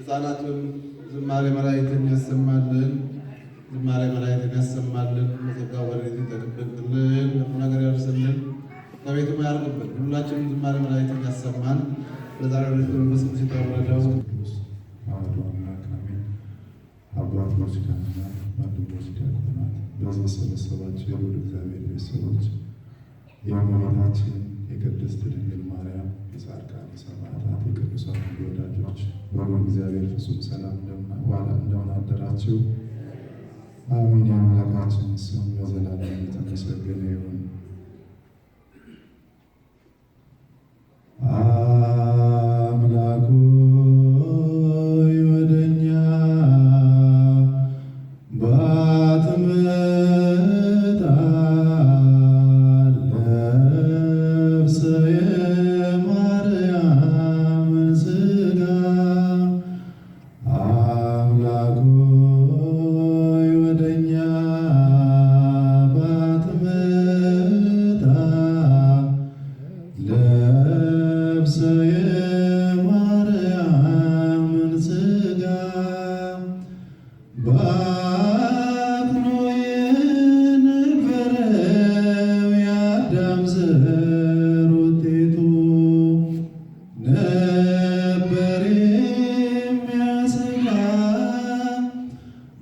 ህፃናቱን ዝማሬ መላእክትን ያሰማልን፣ ዝማሬ መላእክትን ያሰማልን፣ መዘጋው በሬት ይጠቅብልን፣ ነገር ያርስልን፣ ከቤቱ ያርቅብን። ሁላችንም ዝማሬ መላእክትን ያሰማን። በዛሬ ዕለት በመስም ሲታወረዳው አባት ሙዚቃና ወንድም ሙዚቃ ናት በተሰበሰባቸው የሁሉ እግዚአብሔር ቤተሰቦች የመመራችን የቅድስት ድንግል ማርያም፣ የጻድቃን ሰማዕታት፣ የቅዱሳን ወዳጆች በሁሉ እግዚአብሔር ፍጹም ሰላም እንደምናዋላ እንደሆነ አደራችሁ። አሜን። የአምላካችን ስም ለዘላለም የተመሰገነ ይሁን።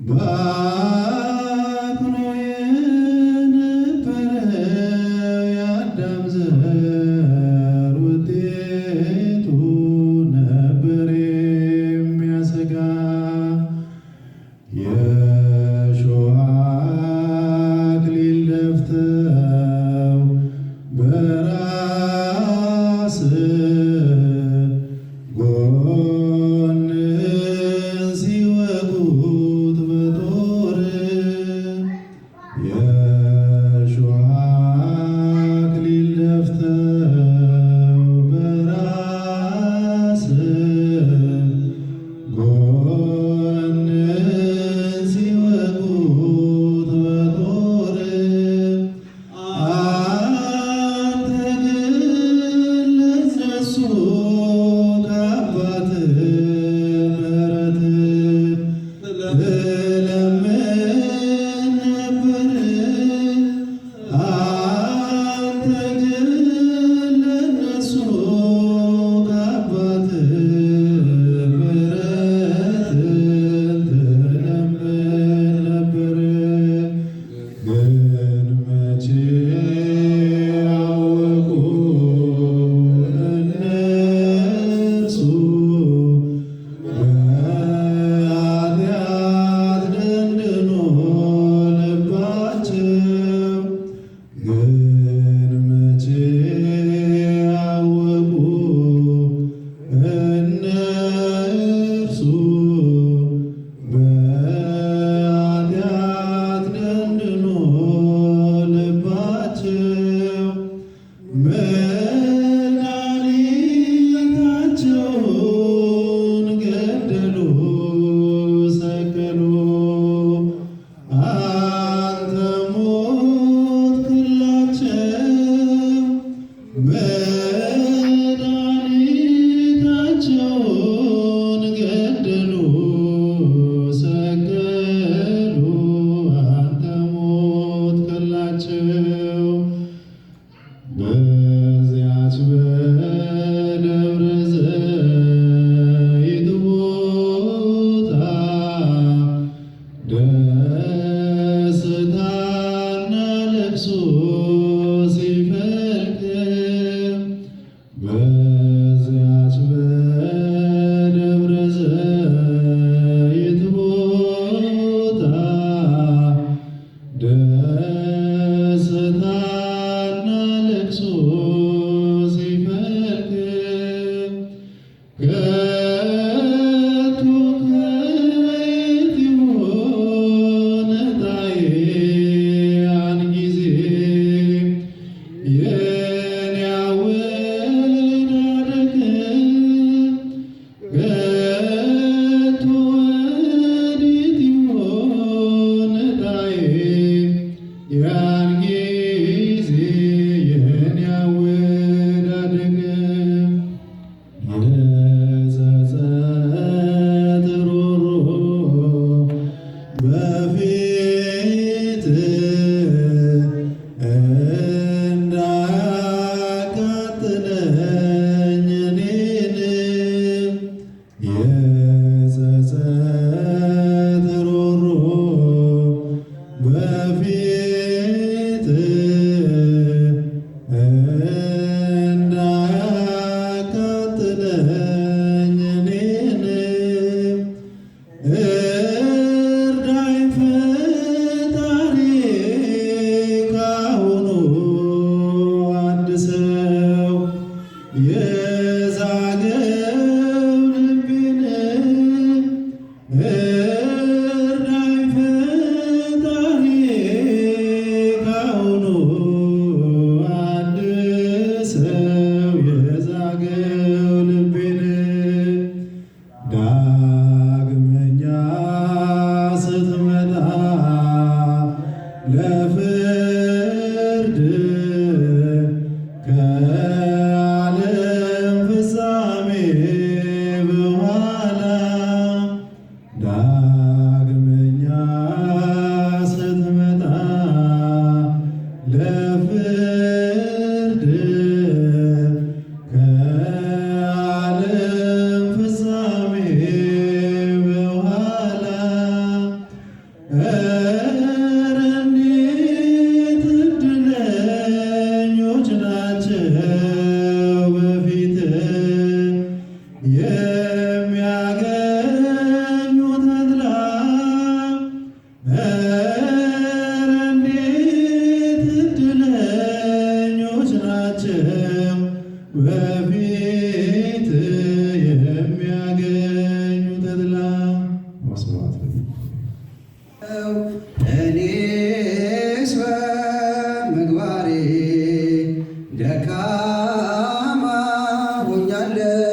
Bye. isso Yeah. alem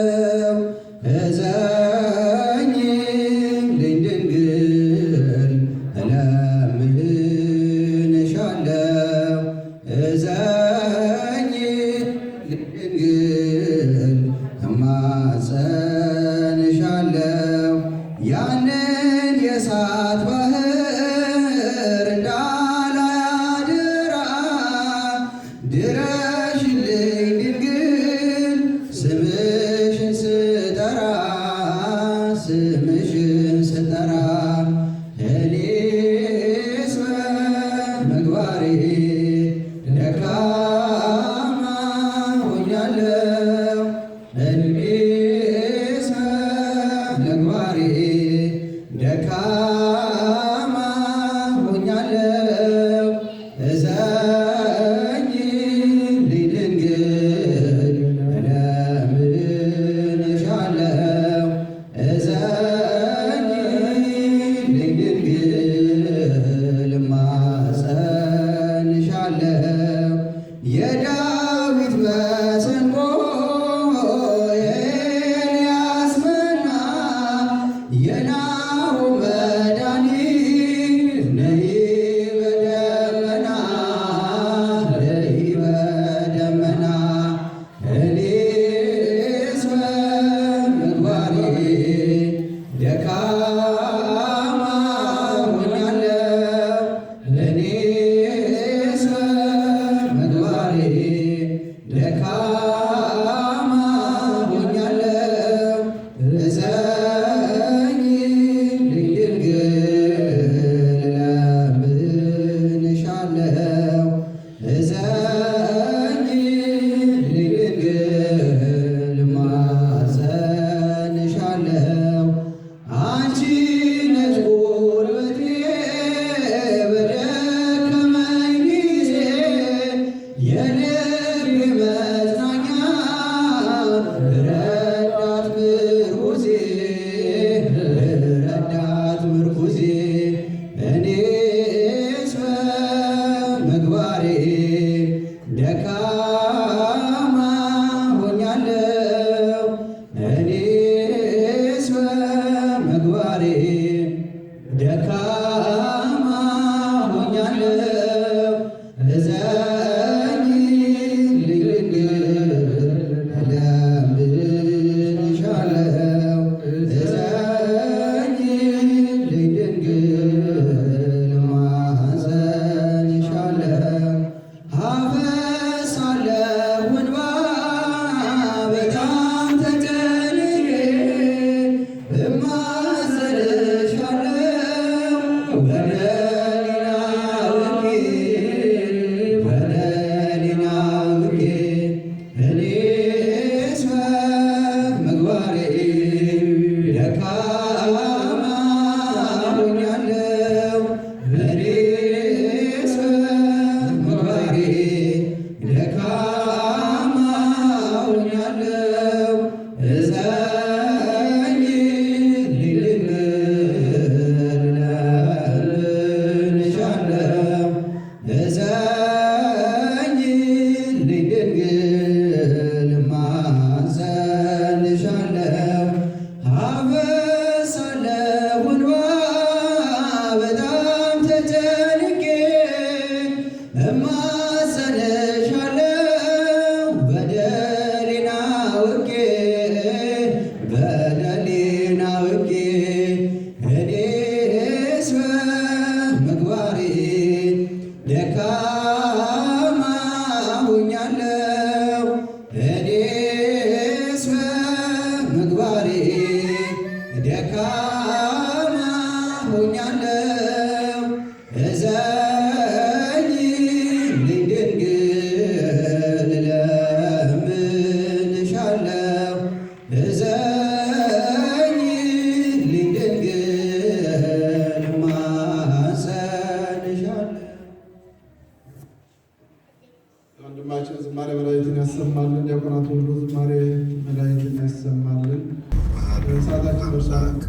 পারে Deca ሁላችን ዝማሬ መላእክትን ያሰማልን። ዲያቆናት ሁሉ ዝማሬ መላእክትን ያሰማልን። ሰዓታችን ደርሷል።